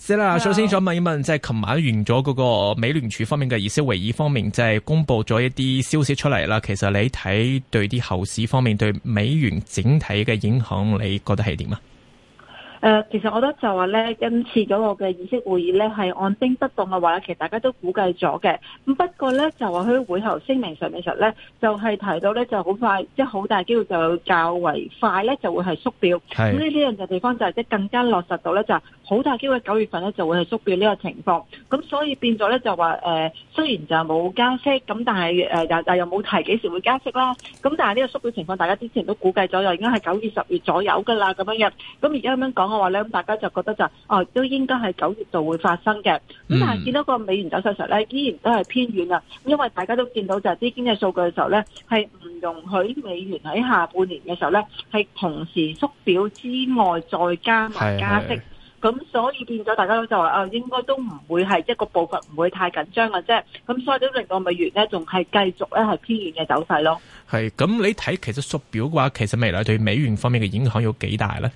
即係啦，首先想問一問，即係琴晚完咗嗰個美聯儲方面嘅議息會議方面，即係公布咗一啲消息出嚟啦。其實你睇對啲後市方面，對美元整體嘅影響，你覺得係點啊？誒、呃，其實我都就話咧，今次嗰個嘅議息會議咧，係按兵不動嘅話，其實大家都估計咗嘅。咁不過咧，就話喺會後聲明上面實咧，就係、是、提到咧，就好快，即係好大機會就較為快咧，就會係縮表。咁呢樣嘅地方就係即更加落實到咧，就好、是、大機會九月份咧就會係縮表呢個情況。咁所以變咗咧就話誒、呃，雖然就冇加息，咁但係誒、呃、又又冇提幾時會加息啦。咁但係呢個縮表情況，大家之前都估計咗，又應該係九月至十月左右㗎啦，咁樣咁而家咁我話咧，咁、嗯嗯、大家就覺得就哦，都應該係九月度會發生嘅。咁但係見到個美元走勢時候咧，依然都係偏軟啊。因為大家都見到就係啲經濟數據嘅時候咧，係唔容許美元喺下半年嘅時候咧，係同時縮表之外再加埋加息。咁是、嗯、所以變咗，大家都就話啊，應該都唔會係一個步伐，唔會太緊張嘅啫。咁、嗯、所以都令到美元咧，仲係繼續咧係偏軟嘅走勢咯。係咁，你睇，其實縮表嘅話，其實未來對美元方面嘅影響有幾大咧？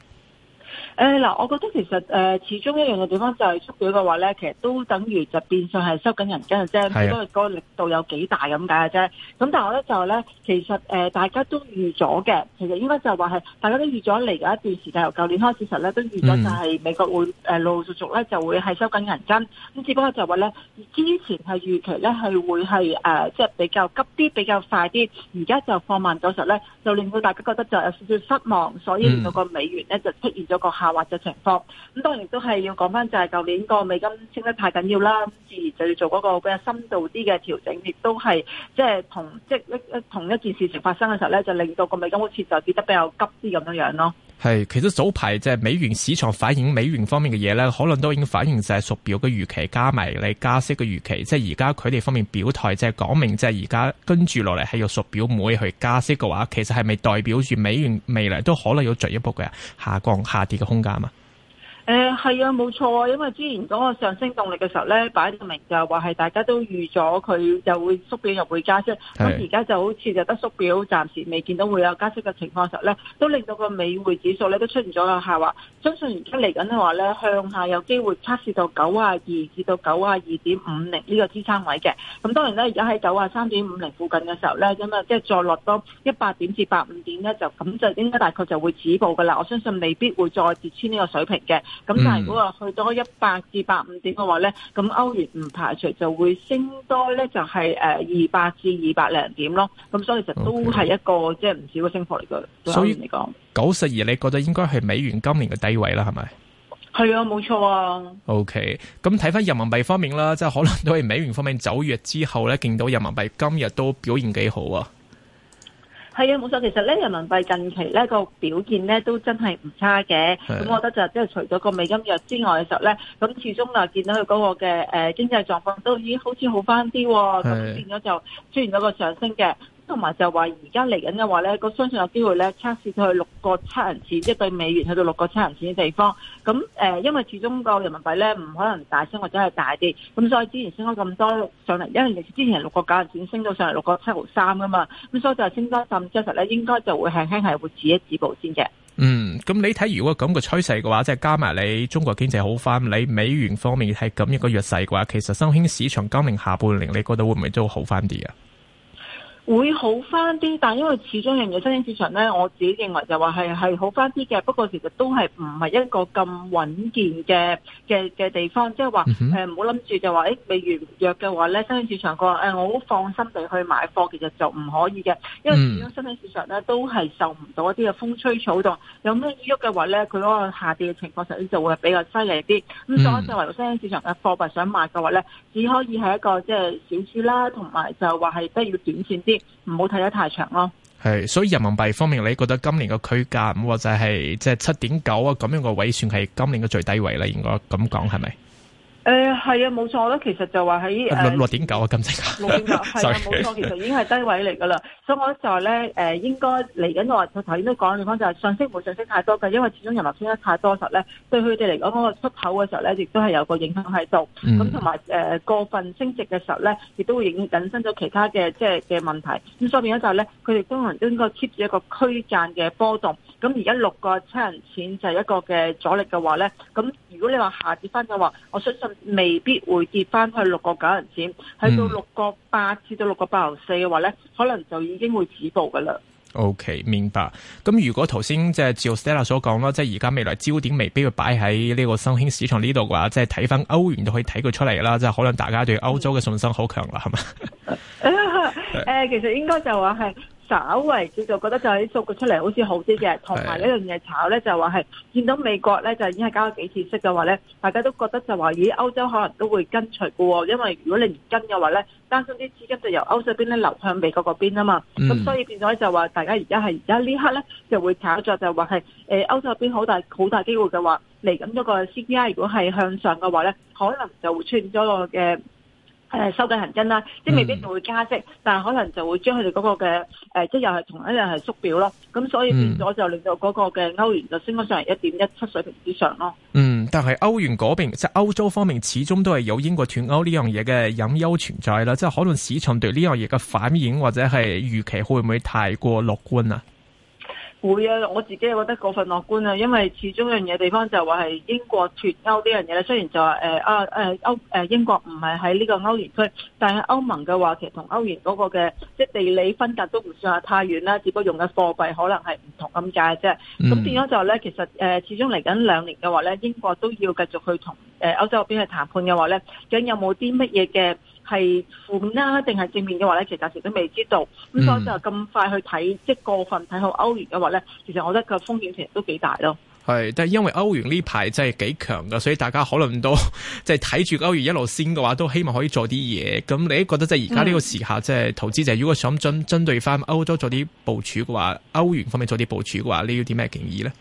誒嗱、哎，我覺得其實誒、呃、始終一樣嘅地方就係縮水嘅話咧，其實都等於就變相係收緊銀根嘅啫，只不過嗰個力度有幾大咁解嘅啫。咁但係我咧就咧，其實大家都預咗嘅，其實應該就話係大家都預咗嚟嘅一段時間，由舊年開始實咧都預咗，就係美國會誒陸陸續續咧就會係收緊銀根。咁只不過就話咧，之前係預期咧係會係誒即係比較急啲、比較快啲，而家就放慢咗實咧，就令到大家覺得就有少少失望，所以令到個美元咧就出現咗個下滑嘅情況，咁當然都係要講返，就係舊年個美金升得太緊要啦，咁自然就要做嗰個比較深度啲嘅調整，亦都係即係同即係一一同一件事情發生嘅時候咧，就令到個美金好似就跌得比較急啲咁樣囉。咯。是，其實早排即係美元市場反映美元方面嘅嘢咧，可能都已經反映晒縮表嘅預期加埋你加息嘅預期，即係而家佢哋方面表態就係、是、講明，即係而家跟住落嚟係用縮表妹去加息嘅話，其實係咪代表住美元未來都可能有進一步嘅下降、下跌嘅空間啊？誒，係、呃、啊，冇錯啊，因為之前講個上升動力嘅時候咧，擺明就係話係大家都預咗佢就會縮表又會加息，咁而家就好似就得縮表，暫時未見到會有加息嘅情況嘅時候咧，都令到個美匯指數咧都出現咗個下滑。相信而家嚟緊嘅話咧，向下有機會測試到九啊二至到九啊二點五零呢個支撐位嘅。咁當然咧，而家喺九啊三點五零附近嘅時候咧，咁啊即係再落多一百點至八五點咧，就咁就應該大概就會止步噶啦。我相信未必會再跌穿呢個水平嘅。咁但係如果去多一百話去到一百至百五點嘅話咧，咁歐、嗯、元唔排除就會升多咧，就係誒二百至二百零點咯。咁所以其實都係一個即係唔少嘅升幅嚟嘅。所以嚟講，九十二你覺得應該係美元今年嘅低位啦，係咪？係啊，冇錯啊。O K，咁睇翻人民幣方面啦，即係可能都係美元方面走弱之後咧，見到人民幣今日都表現幾好啊。係啊，冇錯，其實咧人民幣近期咧個表現咧都真係唔差嘅，咁是的 我覺得就即係除咗個美金弱之外嘅時候咧，咁始終又見到佢嗰個嘅誒經濟狀況都已經好似好返啲，咁是的 變咗就出現咗個上升嘅。同埋就話而家嚟緊嘅話咧，那個相信有機會咧測試到去六個七銀錢，即係對美元去到六個七銀錢嘅地方。咁誒、呃，因為始終個人民幣咧唔可能大升或者係大跌，咁所以之前升咗咁多上嚟，因為之前係六個九銀錢升到上嚟六個七毫三噶嘛，咁所以就升多浸，即係實咧應該就會輕輕係會止一止步先嘅。嗯，咁你睇如果咁個趨勢嘅話，即係加埋你中國經濟好翻，你美元方面係咁一個弱勢嘅話，其實新興市場今年下半年你覺得會唔會都好翻啲啊？會好翻啲，但係因為始終人嘅新興市場咧，我自己認為就話係係好翻啲嘅，不過其實都係唔係一個咁穩健嘅嘅嘅地方，即係、嗯哼呃哎、話誒唔好諗住就話誒美元弱嘅話咧，新興市場個誒、哎、我好放心地去買貨，其實就唔可以嘅，因為始終新興市場咧都係受唔到一啲嘅風吹草動，有咩喐嘅話咧，佢嗰個下跌嘅情況，實際就會比較犀利啲。咁、嗯、所以就話新興市場嘅貨幣想買嘅話咧，只可以係一個即係小注啦，同埋就話係都要短線啲。唔好睇得太長咯。係，所以人民幣方面，你覺得今年個區間，或者係即係七點九啊咁樣個位，算係今年嘅最低位啦。應該咁講，係咪？誒係啊，冇、呃、錯啦，其實就話喺六六點九啊，金城六點九係啊，冇錯，其實已經係低位嚟噶啦。所以我就係咧，誒、呃、應該嚟緊。我頭先都講咗，講就係上升冇上升太多嘅，因為始終人民升得太多時候咧，對佢哋嚟講嗰個出口嘅時候咧，亦都係有個影響喺度。咁同埋誒過分升值嘅時候咧，亦都會引引申咗其他嘅即係嘅問題。咁所以變咗就係咧，佢哋都人都應該 keep 住一個區間嘅波動。咁而家六個七人錢就係一個嘅阻力嘅話咧，咁。如果你話下跌翻嘅話，我相信未必會跌翻去六個九銀錢，去到六個八至到六個八毫四嘅話咧，可能就已經會止步噶啦。OK，明白。咁如果頭先即係照 Stella 所講啦，即係而家未來焦點未必會擺喺呢個新興市場呢度嘅話，即係睇翻歐元就可以睇佢出嚟啦。即係可能大家對歐洲嘅信心好強啦，係嘛、嗯？誒， 其實應該就話係。稍微叫做覺得就係數據出嚟好似好啲嘅，同埋一樣嘢炒咧就話係見到美國咧就已經係加咗幾次息嘅話咧，大家都覺得就話咦歐洲可能都會跟隨嘅喎，因為如果你唔跟嘅話咧，擔心啲資金就由歐洲邊咧流向美國嗰邊啊嘛，咁、嗯、所以變咗就話大家而家係而家呢刻咧就會炒作就話係、呃、歐洲邊好大好大機會嘅話嚟緊嗰個 CPI 如果係向上嘅話咧，可能就會出現咗個嘅。誒，收緊銀根啦，即未必就會加息，嗯、但係可能就會將佢哋嗰個嘅誒、呃，即又係同一樣係縮表咯。咁所以變咗就令到嗰個嘅歐元就升翻上嚟一點一七水平之上咯。嗯，但係歐元嗰邊即係歐洲方面始終都係有英國脱歐呢樣嘢嘅隱憂存在啦，即係可能市場對呢樣嘢嘅反應或者係預期會唔會太過樂觀啊？會啊！我自己覺得過分樂觀啊，因為始終一樣嘢地方就話係英國脱歐呢樣嘢咧。雖然就話誒啊誒歐誒英國唔係喺呢個歐元區，但係歐盟嘅話其實同歐元嗰個嘅即係地理分隔都唔算話太遠啦。只不過用嘅貨幣可能係唔同咁解啫。咁變咗就咧，其實誒、呃、始終嚟緊兩年嘅話咧，英國都要繼續去同誒歐洲嗰邊去談判嘅話咧，究竟有冇啲乜嘢嘅？係負面啦，定係正面嘅話咧，其實暫時都未知道。咁、嗯、所以就咁快去睇，即、就、係、是、過分睇好歐元嘅話咧，其實我覺得個風險其實都幾大咯。係，但係因為歐元呢排真係幾強噶，所以大家可能都即係睇住歐元一路先嘅話，都希望可以做啲嘢。咁你覺得即係而家呢個時下，即、就、係、是、投資者如果想針針對翻歐洲做啲部署嘅話，歐元方面做啲部署嘅話，你要啲咩建議咧？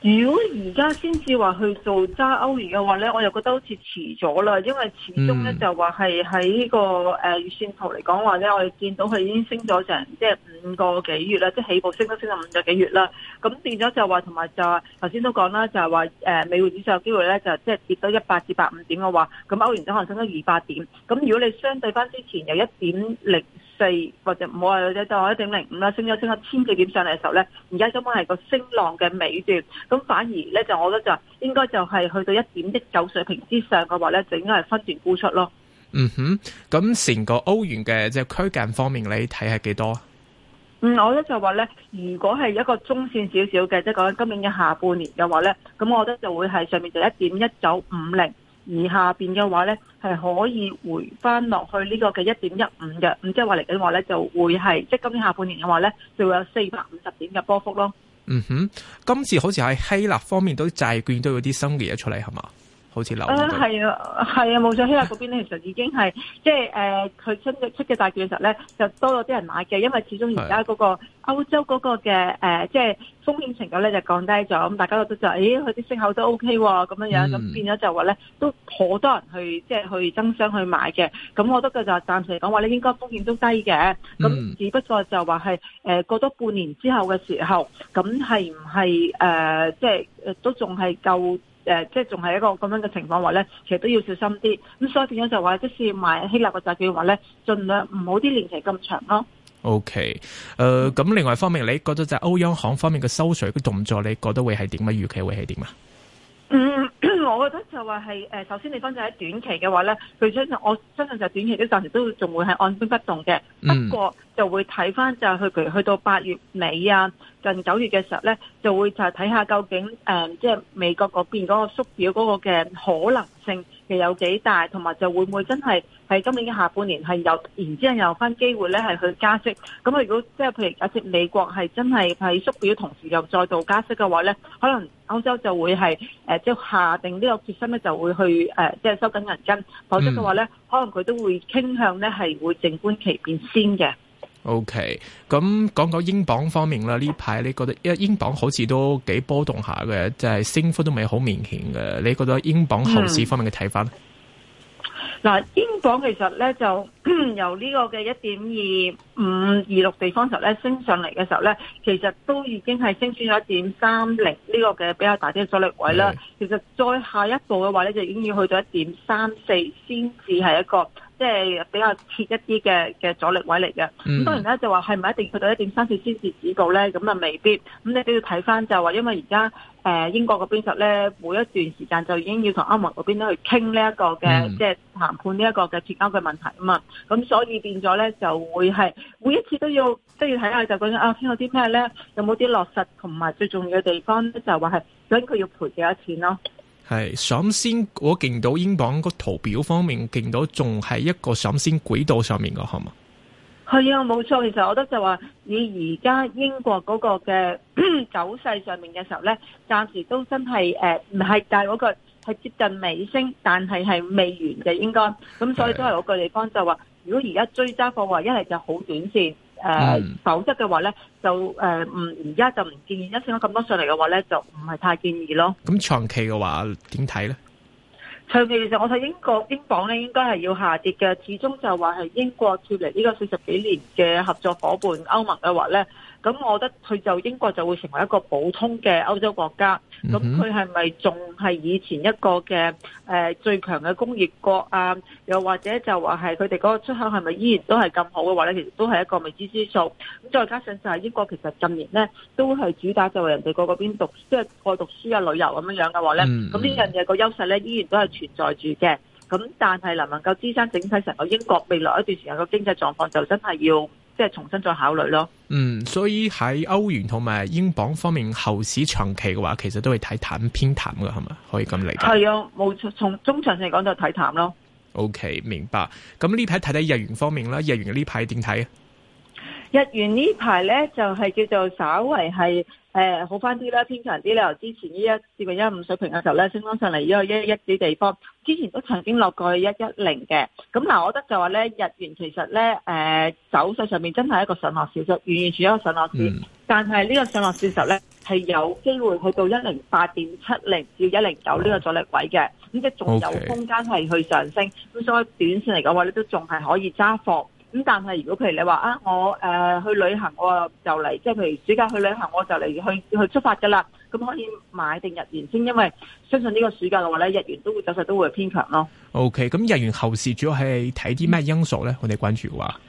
如果而家先至話去做揸歐元嘅話咧，我又覺得好似遲咗啦，因為始終咧就話係喺呢個誒預算圖嚟講話咧，我哋見到佢已經升咗成即係五個幾月啦，即係起步升都升咗五個幾月啦。咁變咗就話同埋就話頭先都講啦，就係話誒美匯指數有機會咧就即係跌到一百至八五點嘅話，咁歐元都可能升咗二百點。咁如果你相對翻之前有一點零。就或者唔好話，或者就係一點零五啦，升咗升咗千幾點上嚟嘅時候咧，而家根本係個升浪嘅尾段，咁反而咧就我覺得就應該就係去到一點一九水平之上嘅話咧，就應該係分段沽出咯。嗯哼，咁成個歐元嘅即係區間方面，你睇係幾多？嗯，我咧就話咧，如果係一個中線少少嘅，即係講今年嘅下半年嘅話咧，咁我覺得就會係上面就一點一九五零。而下邊嘅話咧，係可以回返落去呢個嘅一點一五嘅，咁即係話嚟緊話咧就會係，即係今年下半年嘅話咧，就會有四百五十點嘅波幅咯。嗯哼，今次好似喺希臘方面都債券都有啲新嘅嘢出嚟，係嘛？好啊，係啊，係啊，冇咗希臘嗰邊咧，其實已經係 即係誒，佢、呃、出嘅出嘅大票嘅時候咧，就多咗啲人買嘅，因為始終而家嗰個歐洲嗰個嘅誒、呃，即係風險程度咧就降低咗，咁大家覺得就咦，佢啲息口都 O K 喎，咁樣樣，咁、嗯、變咗就話咧，都好多人去即係去增倉去買嘅，咁我覺得佢就暫時嚟講話咧，應該風險都低嘅，咁、嗯、只不過就話係誒過多半年之後嘅時候，咁係唔係誒即係誒都仲係夠？誒、呃，即係仲係一個咁樣嘅情況話咧，其實都要小心啲。咁所以點樣就話，即使要買希臘嘅債券話咧，盡量唔好啲年期咁長咯。OK，誒，咁另外一方面，你覺得就歐央行方面嘅收水嘅動作，你覺得會係點啊？預期會係點啊？嗯。我覺得就話係誒，首先你講就喺短期嘅話咧，佢相信我相信就短期都暫時都仲會係按兵不動嘅。不過就會睇翻就係去，譬如去到八月尾啊，近九月嘅時候咧，就會就係睇下究竟誒，即係美國嗰邊嗰個縮表嗰個嘅可能性。其有幾大，同埋就會唔會真係喺今年嘅下半年係有然之後有翻機會咧，係去加息？咁啊，如果即係譬如假設美國係真係喺縮表同時又再度加息嘅話咧，可能歐洲就會係即係下定呢個決心咧，就會去即係、呃就是、收緊銀根，否則嘅話咧，可能佢都會傾向咧係會靜觀其變先嘅。O K，咁講講英鎊方面啦，呢排你覺得，因為英鎊好似都幾波動下嘅，就係、是、升幅都未好明顯嘅。你覺得英鎊後市方面嘅睇法呢？嗱、嗯，看看英鎊其實咧就由呢個嘅一點二五二六地方時候咧升上嚟嘅時候咧，其實都已經係升穿咗一點三零呢個嘅比較大啲阻力位啦。是的 其實再下一步嘅話咧，就已經要去到一點三四先至係一個。即係比較切一啲嘅嘅阻力位嚟嘅。咁、嗯、當然咧就話係唔一定去到一點三四先至止步咧，咁啊，未必，咁你都要睇翻就話，因為而家誒英國嗰邊就咧每一段時間就已經要同歐盟嗰邊都去傾呢一個嘅即係談判呢一個嘅協交嘅問題啊嘛，咁所以變咗咧就會係每一次都要都要睇下就講啊傾到啲咩咧，有冇啲落實同埋最重要嘅地方呢？就話係咁佢要賠幾多錢咯。係，首先我見到英鎊個圖表方面，見到仲係一個上升軌道上面嘅，係咪？係啊，冇錯。其實我覺得就話，以而家英國嗰個嘅走勢上面嘅時候咧，暫時都真係誒，唔、呃、係，但係我、嗰個係接近尾聲，但係係未完嘅應該。咁所以都係嗰個地方就話，如果而家追揸貨話，一係就好短線。誒，嗯、否則嘅話咧，就誒，唔而家就唔建議，因為升咗咁多上嚟嘅話咧，就唔係太建議咯。咁長期嘅話點睇咧？長期其實我睇英國英鎊咧，應該係要下跌嘅，始終就話係英國脫離呢個四十幾年嘅合作夥伴歐盟嘅話咧。咁，我覺得佢就英國就會成為一個普通嘅歐洲國家。咁佢係咪仲係以前一個嘅誒最強嘅工業國啊？又或者就話係佢哋嗰個出口係咪依然都係咁好嘅話咧？其實都係一個未知之數。咁再加上就係英國其實近年咧都係主打就係人哋個嗰邊讀，即係愛讀書啊、旅遊咁樣嘅話咧，咁呢樣嘢個優勢咧依然都係存在住嘅。咁但係能唔能夠支撐整體成個英國未來一段時間個經濟狀況，就真係要。即係重新再考慮咯。嗯，所以喺歐元同埋英鎊方面，後市長期嘅話，其實都係睇淡偏淡嘅，係嘛？可以咁理解？係啊，冇錯。從中長嚟講就睇淡咯。OK，明白。咁呢排睇睇日元方面啦，日元嘅呢排點睇？日元呢排咧就係、是、叫做稍微係誒、呃、好翻啲啦，偏強啲啦。由之前呢一四點一五水平嘅時候咧，升翻上嚟呢個一一啲地方，之前都曾經落過一一零嘅。咁嗱，我覺得就話咧，日元其實咧誒、呃、走勢上面真係一個上落小數，完完全全一個上落市。但係呢個上落市時候，時呢，咧，係有機會去到一零八點七零至一零九呢個阻力位嘅，咁即仲有空間係去上升。咁 Okay. 所以短線嚟嘅話咧，都仲係可以揸貨。咁但係如果譬如你話啊，我誒、呃、去旅行，我就嚟即係譬如暑假去旅行，我就嚟去去出發噶啦，咁可以買定日元先，因為相信呢個暑假嘅話咧，日元都會走勢都會偏強咯。OK，咁日元後市主要係睇啲咩因素咧？嗯、我哋關注嘅話。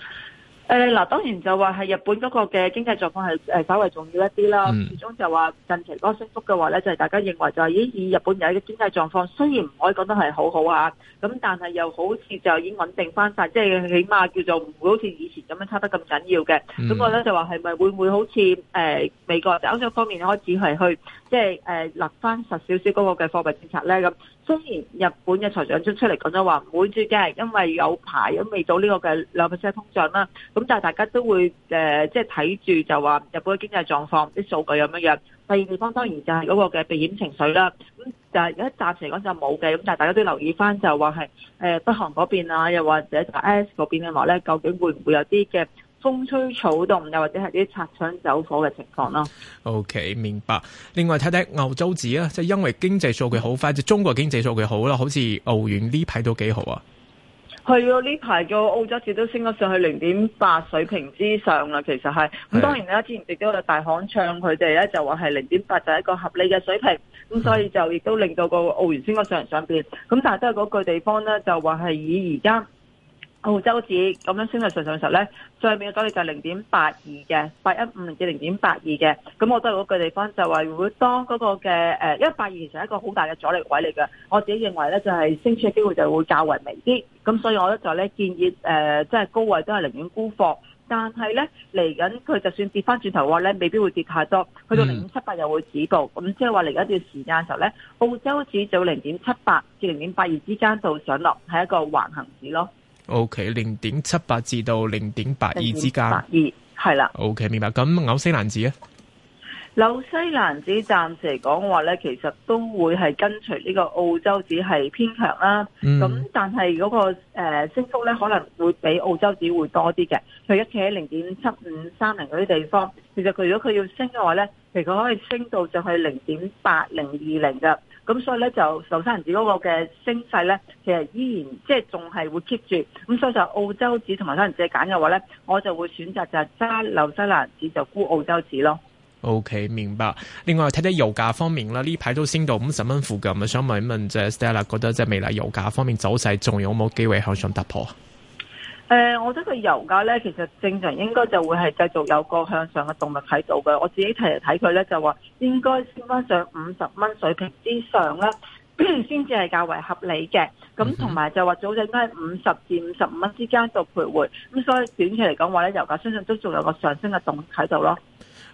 誒，嗱、呃，當然就話係日本嗰個嘅經濟狀況係稍為重要一啲啦。嗯、始終就話近期嗰個升幅嘅話咧，就係、是、大家認為就係以日本嘅經濟狀況，雖然唔可以講得係好好啊，咁但係又好似就已經穩定翻晒，即係起碼叫做唔會好似以前咁樣差得咁緊要嘅。咁、嗯、我咧就話係咪會唔會好似、呃、美國歐洲方面開始係去即係誒立翻實少少嗰個嘅貨幣政策咧咁？嗯雖然日本嘅財長出出嚟講咗話唔會的，主要因為有排都未到呢個嘅兩 percent 通脹啦。咁但係大家都會誒，即係睇住就話日本嘅經濟狀況啲數據咁樣樣。第二地方當然就係嗰個嘅避險情緒啦。咁但係而家暫時嚟講就冇嘅。咁但係大家都留意返就話係誒北韓嗰邊啊，又或者 S 嗰邊嘅話咧，究竟會唔會有啲嘅？風吹草動，又或者係啲擦槍走火嘅情況咯。OK，明白。另外睇睇澳洲紙啊，即係因為經濟數據好快，就中國經濟數據好啦，好似澳元呢排都幾好啊。係啊，呢排個澳洲紙都升咗上去零點八水平之上啦。其實係咁，當然咧，的之前亦都有大行唱佢哋咧，就話係零點八就係一個合理嘅水平。咁所以就亦都令到個澳元升咗上嚟上邊。咁但係都係嗰句地方咧，就話係以而家。澳洲指咁樣升到上升上時候咧，上面嘅阻力就係零點八二嘅八一五至零點八二嘅。咁我都係嗰個地方就話，如果當嗰個嘅誒，因為八二其實係一個好大嘅阻力位嚟嘅。我自己認為咧，就係、是、升出嘅機會就會較為微啲。咁所以，我咧就咧建議誒，即、呃、係、就是、高位都係寧願沽貨。但係咧嚟緊佢就算跌翻轉頭嘅話咧，未必會跌太多。去到零點七八又會止步。咁即係話嚟緊一段時間嘅時候咧，澳洲指就零點七八至零點八二之間度上落，係一個橫行指咯。O K，零點七八至到零點八二之間，八二，係啦。OK，明白。咁紐西蘭紙啊，紐西蘭紙暫時嚟講話咧，其實都會係跟隨呢個澳洲紙係偏強啦。咁、嗯、但係嗰、嗰個誒、呃、升幅咧，可能會比澳洲紙會多啲嘅。佢一企喺零點七五三零嗰啲地方，其實佢如果佢要升嘅話咧，其實佢可以升到就係零點八零二零嘅。咁、嗯、所以咧就紐西蘭紙嗰個嘅升勢咧，其實依然即係仲係會 keep 住。咁、嗯、所以就澳洲紙同埋紐西蘭紙揀嘅話咧，我就會選擇就揸紐西蘭紙就沽澳洲紙咯。OK，明白。另外睇睇油價方面啦，呢排都升到五十蚊附近啊。我想問一問就 Stella 覺得即係未來油價方面走勢，仲有冇機會向上突破？誒、呃，我覺得個油價咧，其實正常應該就會係繼續有個向上嘅動力喺度嘅。我自己睇嚟睇佢咧，就話應該升翻上五十蚊水平之上啦，先至係較為合理嘅。咁同埋就話，早前喺五十至五十五蚊之間度徘徊，咁所以短期嚟講話咧，油價相信都仲有個上升嘅動力喺度咯。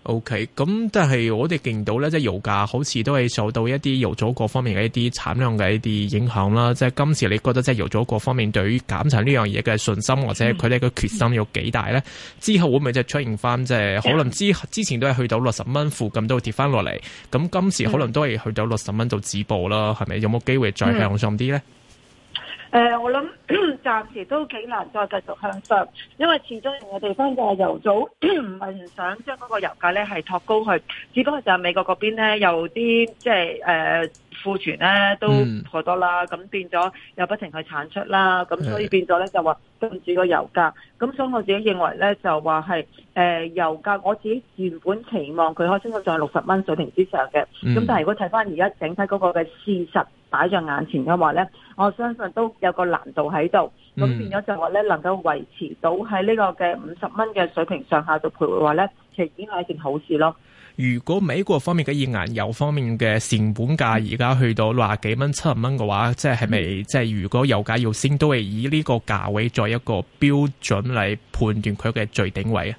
O K，咁但係我哋見到咧，即係油價好似都係受到一啲油組各方面嘅一啲產量嘅一啲影響啦。嗯、即係今次你覺得即係油組各方面對於減產呢樣嘢嘅信心或者佢哋嘅決心有幾大咧？嗯嗯、之後會唔會即係出現翻即係可能之之前都係去到六十蚊附近都會跌翻落嚟，咁今次可能都係去到六十蚊就止步啦，係咪？有冇機會再向上啲咧？嗯嗯誒、呃，我諗暫時都幾難再繼續向上，因為始終我哋地方就係油組唔係唔想將嗰個油價咧係托高去，只不過就係美國嗰邊咧有啲即係誒庫存咧都好多啦，咁變咗又不停去產出啦，咁所以變咗咧就話唔住個油價，咁所以我自己認為咧就話係誒油價，我自己原本期望佢可升到在六十蚊水平之上嘅，咁、嗯、但係如果睇翻而家整體嗰個嘅事實。擺在眼前嘅話咧，我相信都有個難度喺度，咁變咗就話咧能夠維持到喺呢個嘅五十蚊嘅水平上下度徘徊話咧，其實已經係一件好事咯。如果美國方面嘅頁岩油方面嘅成本價而家去到六啊幾蚊、七十蚊嘅話，即係係咪即係如果油價要升，都係以呢個價位作一個標準嚟判斷佢嘅最頂位啊？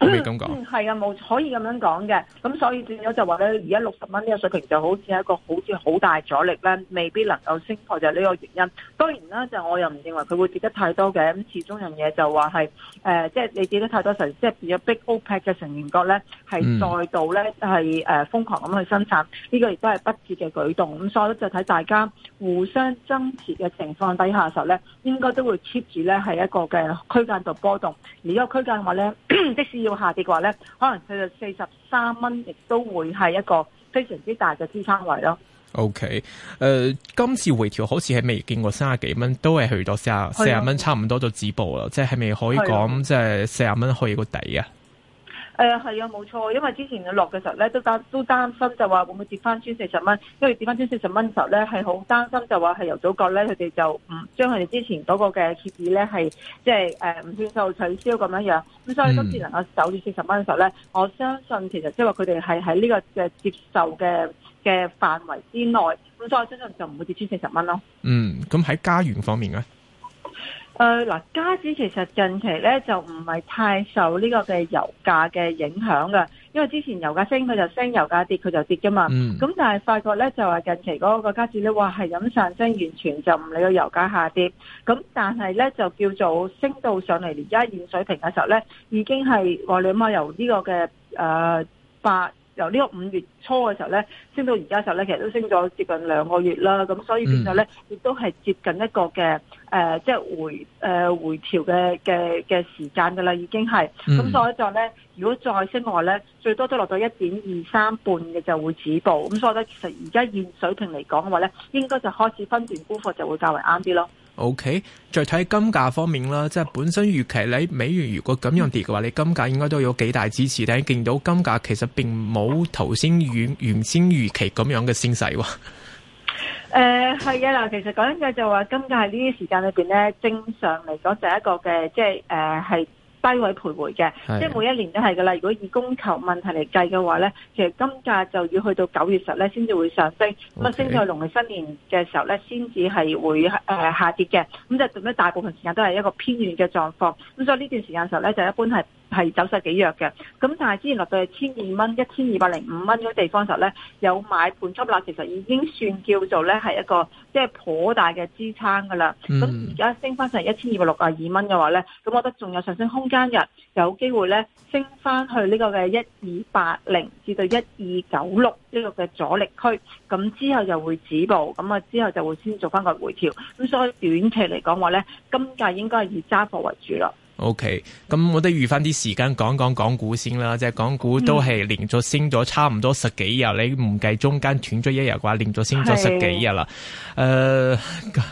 未懂講，係啊，冇 可以咁樣講嘅。咁所以變咗就話咧，而家六十蚊呢個水平就好似係一個好似好大阻力咧，未必能夠升破就係呢個原因。當然啦，就我又唔認為佢會跌得太多嘅。咁始終樣嘢就話係誒，即、呃、係、就是、你跌得太多，時即係變咗 Big OPEC 嘅成員國咧，係再度咧係誒瘋狂咁去生產，呢、這個亦都係不智嘅舉動。咁所以就睇大家互相爭持嘅情況底下嘅時候咧，應該都會 keep 住咧係一個嘅區間度波動。而呢個區間嘅話咧， 即使要下跌嘅話咧，可能佢就四十三蚊，亦都會係一個非常之大嘅支撐位咯。O K，誒，今次回調好似係未見過三十幾蚊，都係去到四啊四啊蚊，的差唔多就止步啦。即係係咪可以講，的即係四十蚊去個底啊？誒係、呃、啊，冇錯，因為之前落嘅時候咧，都擔都擔心就話會唔會跌翻穿四十蚊，因為跌翻穿四十蚊時候咧，係好擔心就話係由組閣咧，佢哋就唔將佢哋之前嗰個嘅協議咧，係即係誒唔算數取消咁樣樣，咁所以今次能夠守住四十蚊嘅時候咧，嗯、我相信其實即係話佢哋係喺呢個嘅接受嘅嘅範圍之內，咁所以我相信就唔會跌穿四十蚊咯。嗯，咁喺加元方面呢。誒嗱，加、呃、紙其實近期咧就唔係太受呢個嘅油價嘅影響㗎，因為之前油價升佢就升，油價跌佢就跌嘅嘛。咁、嗯、但係發覺咧就話近期嗰個加紙咧話係咁上升，完全就唔理個油價下跌。咁但係咧就叫做升到上嚟而家現染水平嘅時候咧，已經係話你諗下由呢個嘅誒八。呃由呢個五月初嘅時候咧，升到而家嘅時候咧，其實都升咗接近兩個月啦。咁所以變咗咧，亦、嗯、都係接近一個嘅誒、呃，即係回誒、呃、回調嘅嘅嘅時間噶啦，已經係。咁、嗯、所以就咧，如果再升外咧，最多都落到一點二三半嘅就會止步。咁所以咧，其實而家現水平嚟講嘅話咧，應該就開始分段沽貨就會較為啱啲咯。O、okay? K，再睇金價方面啦，即係本身預期你美元如果咁樣跌嘅話，你金價應該都有幾大支持，但係見到金價其實並冇頭先原原先預期咁樣嘅升勢。誒、呃，係啊，嗱，其實講緊嘅就話金價喺呢啲時間裏邊咧，正常嚟講就係一個嘅即係誒係。呃低位徘徊嘅，即係每一年都係噶啦。如果以供求問題嚟計嘅話咧，其實金價就要去到九月十咧先至會上升，咁啊 Okay. 升到農曆新年嘅時候咧先至係會誒下跌嘅。咁就做咩？大部分時間都係一個偏軟嘅狀況。咁所以呢段時間時候咧就一般係。係走勢幾弱嘅，咁但係之前落到係千二蚊、一千二百零五蚊嗰地方時候呢，有買盤出啦，其實已經算叫做呢係一個即係頗大嘅支撐噶啦。咁而家升翻上一千二百六十二蚊嘅話呢，咁我覺得仲有上升空間嘅，有機會呢升翻去呢個嘅一二八零至到一二九六呢個嘅阻力區，咁之後就會止步，咁啊之後就會先做翻個回調。咁所以短期嚟講話呢，今屆應該係以揸貨為主咯。O K，咁我得預翻啲時間講講港股先啦，即係港股都係連咗升咗差唔多十幾日，嗯、你唔計中間斷咗一日嘅話，連咗升咗十幾日啦。誒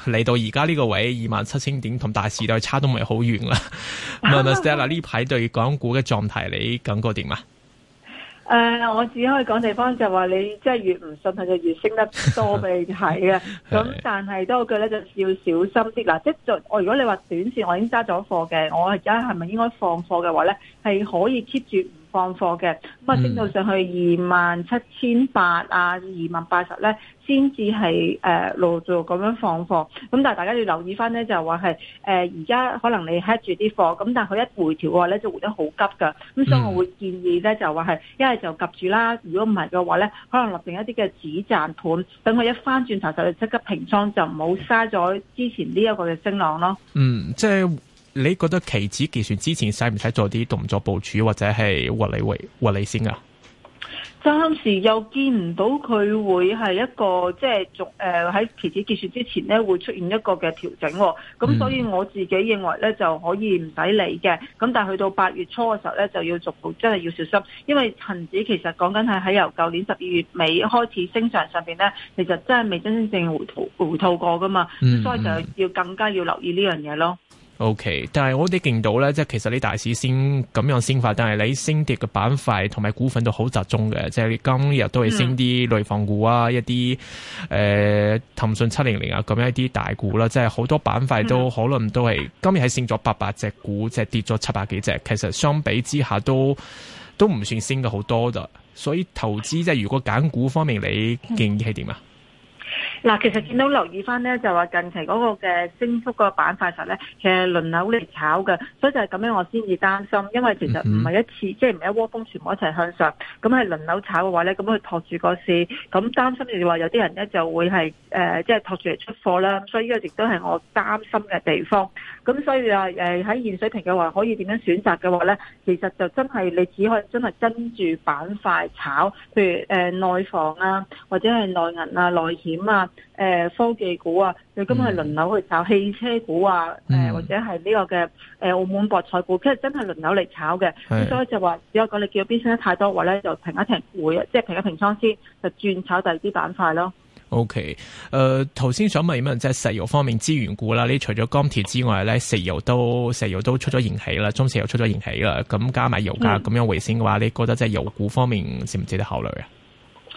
是，嚟、呃、到而家呢個位二萬七千點，同大時代差都唔係好遠啦。阿 Stella 呢排對港股嘅狀態，你感覺點啊？誒，uh, 我只可以講地方就話你，即係越唔信佢就越升得多俾你睇嘅。咁 但係都句咧，就要小心啲啦。即係就我如果你話短線，我已經揸咗貨嘅，我而家係咪應該放貨嘅話咧，係可以 keep 住。放貨嘅，咁啊，升到上去二萬七千八啊，二萬八十咧，先至係誒陸續咁樣放貨。咁但係大家要留意翻咧，就話係誒而家可能你 head 住啲貨，咁但係佢一回調嘅話咧，就回得好急噶。咁所以我會建議咧，就話係一係就及住啦，如果唔係嘅話咧，可能立定一啲嘅止賺盤，等佢一翻轉頭就即刻平倉，就唔好嘥咗之前呢一個嘅升浪咯。嗯，即係。你覺得期指結算之前使唔使做啲動作，部署或者係獲利回獲利先啊？暫時又見唔到佢會係一個即係從誒喺期指結算之前呢，會出現一個嘅調整。哦，咁所以我自己認為呢，就可以唔使理嘅。咁但係去到八月初嘅時候呢，就要逐步真係要小心，因為恒指其實講緊係喺由舊年十二月尾開始升上上邊呢，其實真係未真真正回吐過噶嘛，所以就要更加要留意呢樣嘢咯。O、okay, K，但係我哋見到咧，即係其實你大市先咁樣升法，但係你升跌嘅板塊同埋股份都好集中嘅，即、就、係、是、今日都係升啲內房股啊，嗯、一啲誒騰訊七零零啊咁一啲大股啦，即係好多板塊都可能都係、嗯、今日係升咗八百隻股，即、就、係、是、跌咗七百幾隻，其實相比之下都都唔算升得好多嘅，所以投資即係如果揀股方面，你建議係點啊？嗯嗱，其實見到留意翻咧，就話近期嗰個嘅升幅個板塊上咧，其實輪流嚟炒嘅，所以就係咁樣，我先至擔心，因為其實唔係一次，即係唔係一窩蜂全部一齊向上，咁係輪流炒嘅話咧，咁佢托住個市，咁擔心就話有啲人咧就會係誒，即、呃、係、就是、托住嚟出貨啦，所以呢個亦都係我擔心嘅地方。咁所以話誒喺現水平嘅話，可以點樣選擇嘅話咧，其實就真係你只可以真係跟住板塊炒，譬如誒、呃、內房啊，或者係內銀啊、內險啊。誒、呃，科技股啊，你根本係輪流去炒汽車股啊，誒、嗯呃、或者係呢個嘅誒澳門博彩股，其實真係輪流嚟炒嘅。咁是所以就話，只係講你叫邊升得太多話咧，就停、是、一停，會即係停一停倉先，就轉炒第二啲板塊咯。O K，誒，頭先想問咩，即係石油方面資源股啦，你除咗鋼鐵之外咧，石油都石油都出咗盈喜啦，中石油出咗盈喜啦，咁加埋油價咁樣回升嘅話，嗯、你覺得即係油股方面值唔值得考慮啊？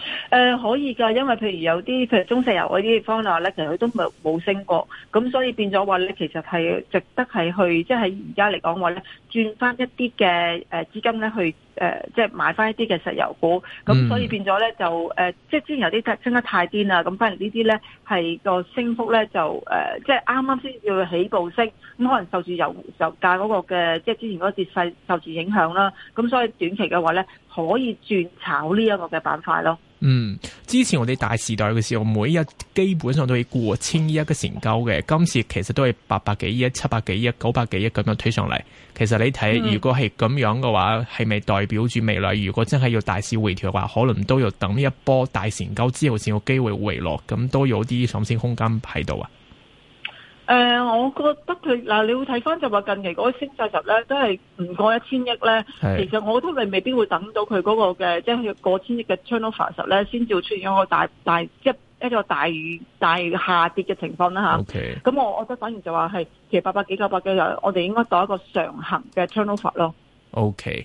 誒、呃，可以噶，因為譬如有啲譬如中石油嗰啲嘅方案咧，其實佢都冇冇升過，咁所以變咗話咧，其實係值得係去，即係喺而家嚟講話咧，轉翻一啲嘅誒資金咧去。誒、呃，即係買翻一啲嘅石油股，咁、嗯、所以變咗咧就、呃、即係之前有啲升得太癲啦，咁反而呢啲咧係個升幅咧就誒、呃，即係啱啱先要起步升，咁可能受住油油價嗰個嘅即係之前嗰次勢受住影響啦，咁所以短期嘅話咧可以轉炒呢一個嘅板塊咯。嗯，之前我哋大時代嘅時候，每日基本上都係過千億個成交嘅，今次其實都係八百幾億、七百幾億、九百幾億咁樣推上嚟。其實你睇，如果係咁樣嘅話，係咪代表？嗯表住未來，如果真係要大市回調嘅話，可能都要等呢一波大成交之後先有機會回落，咁都有啲上升空間喺度啊。誒、呃，我覺得佢嗱、啊，你要睇翻就話近期嗰個升勢實咧都係唔過一千億咧。是其實我覺得你未必會等到佢嗰、那個嘅，即、就、係、是、過千億嘅 turnover 實咧，先至會出現一個大大一一個大雨大下跌嘅情況啦吓。OK 咁我我，我覺得反而就話、是、係其實八百幾九百幾，我哋應該待一個上行嘅 turnover 咯。OK。